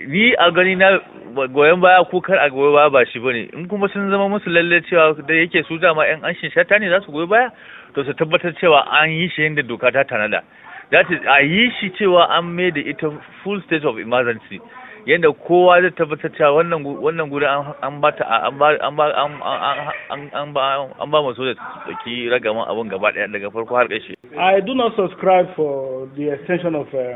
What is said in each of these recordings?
ni a gani na goyon baya ko kar a goyo baya ba shi bane in kuma sun zama musu lalle cewa da yake su dama yan an shata ne za su goyi baya to su tabbatar cewa an yi shi yadda doka ta tanada that is a yi shi cewa an mai da ita full state of emergency yadda kowa zai tabbatar cewa wannan wannan guri an ba ta an ba an ba an maso da ki ragaman abun gaba daya daga farko har karshe i do not subscribe for the extension of uh,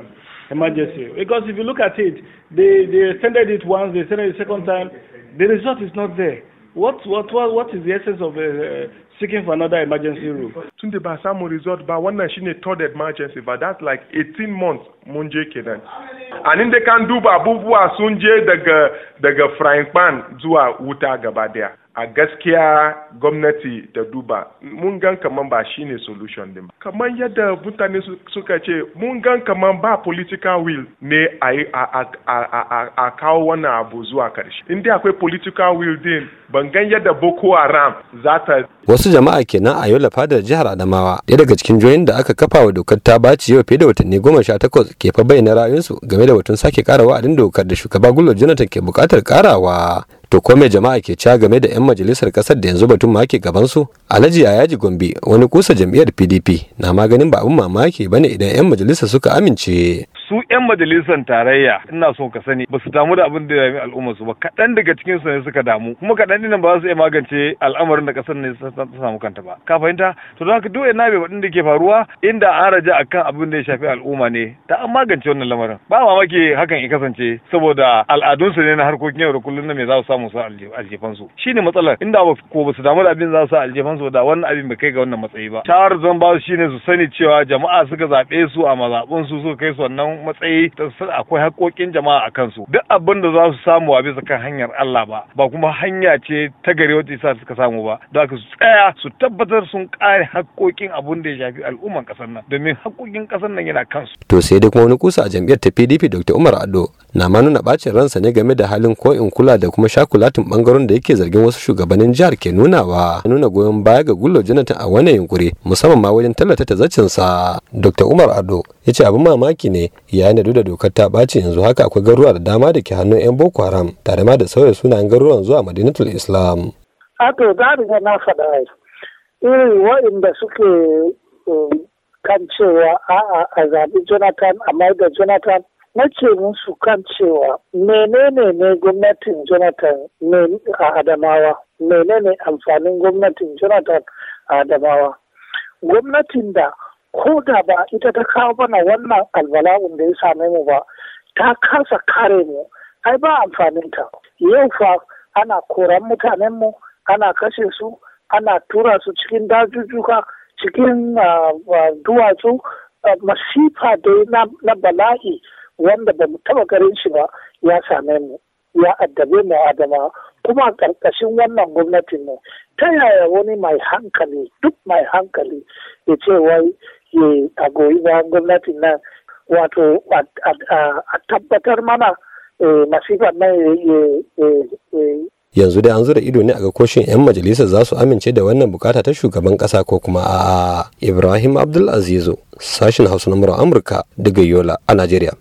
emergency. Because if you look at it, they, they extended it once, they extended it second time, the result is not there. What, what, what, what is the essence of uh, uh seeking for another emergency rule? Tunde ba samu result ba wannan shine third emergency ba that's like 18 months mun je kenan. And in they can duba abubuwa sun uh, uh, frying pan zuwa uta gabadia. a gaskiya gwamnati ta duba mun gan kaman ba shine solution din kaman yadda mutane suka ce mun gan kaman ba political will ne a kawo wannan abu zuwa karshe inda akwai political will din ban gan yadda boko haram za ta wasu jama'a kenan a yola fadar jihar adamawa ɗaya daga cikin joyin da aka kafa wa dokar ta baci yau fiye da watanni goma sha takwas ke fa bayyana ra'ayinsu game da batun sake kara wa'adin dokar da shugaba gullo jonathan ke buƙatar karawa to ko mai jama'a ke ca game da 'yan majalisar kasar da yanzu batun ma ke gabansu alhaji yaji gombe wani kusa jam'iyyar pdp na maganin ba abin mamaki bane idan 'yan majalisar suka amince su 'yan majalisar tarayya ina so ka sani ba su damu da abin da ya yi al'umma su ba kaɗan daga cikin su ne suka damu kuma kaɗan dinan ba za su iya magance al'amarin da ƙasar ne ta samu kanta ba ka fahimta to don haka duk na bai baɗin da ke faruwa inda an raja akan abin da ya shafi al'umma ne ta an magance wannan lamarin ba mamaki hakan ya kasance saboda al'adunsu ne na harkokin yau da kullum na me za su samu su aljefansu shine matsalar inda ba ko ba su damu da abin za su aljefansu da wannan abin bai kai ga wannan matsayi ba shawarar zan ba su shine su sani cewa jama'a suka zaɓe su a mazaɓun su suka kai su wannan matsayi matsayi akwai haƙoƙin jama'a a kansu duk abin da za su samu a bisa kan hanyar Allah ba ba kuma hanya ce ta gari wacce isa suka samu ba da su tsaya su tabbatar sun kare haƙoƙin abin da ya shafi al'umman ƙasar nan domin haƙoƙin ƙasar nan yana kansu. To sai dai kuma wani kusa a jam'iyyar ta PDP Dr. Umar Ado na ma nuna ɓacin ransa ne game da halin ko in kula da kuma shakulatin ɓangaren da yake zargin wasu shugabannin jihar ke nunawa nuna goyon baya ga Gullo Jonathan a wani yunkuri musamman ma wajen tallata ta sa Dr. Umar Ado ya ce abin mamaki ne yayin da duk da dokar ta ɓaci yanzu haka akwai garuruwa da dama da ke hannun 'yan boko haram tare ma da sauya sunayen garuruwan zuwa madinatul islam a to za riga na faɗa irin waɗanda suke um, kan cewa a'a a zaɓi jonathan amma da jonathan nace musu kan cewa menene ne gwamnatin jonathan a adamawa menene amfanin gwamnatin jonathan a adamawa gwamnatin da ko da ba ita ta kawo bana wannan albala'un da ya same mu ba ta kasa kare mu ai ba amfanin ta yau fa ana koran mutanen mu ana kashe su ana tura su cikin dajujjuka cikin ah, ah, duwatsu ah, masifa dai na bala'i wanda ba mu taba garin shi ba ya same mu ya addabe mu adama kuma karkashin wannan gwamnatin mu ta yaya wani mai hankali duk mai hankali ya ce wai ke a goyi bayan gwamnatin nan wato a tabbatar mana eh, masifar nan yanzu dai an zura ido ne a ga koshin 'yan majalisa za su amince da wannan bukata ta shugaban kasa ko kuma a ibrahim Abdulazizu, sashin hausa na amurka daga yola a najeriya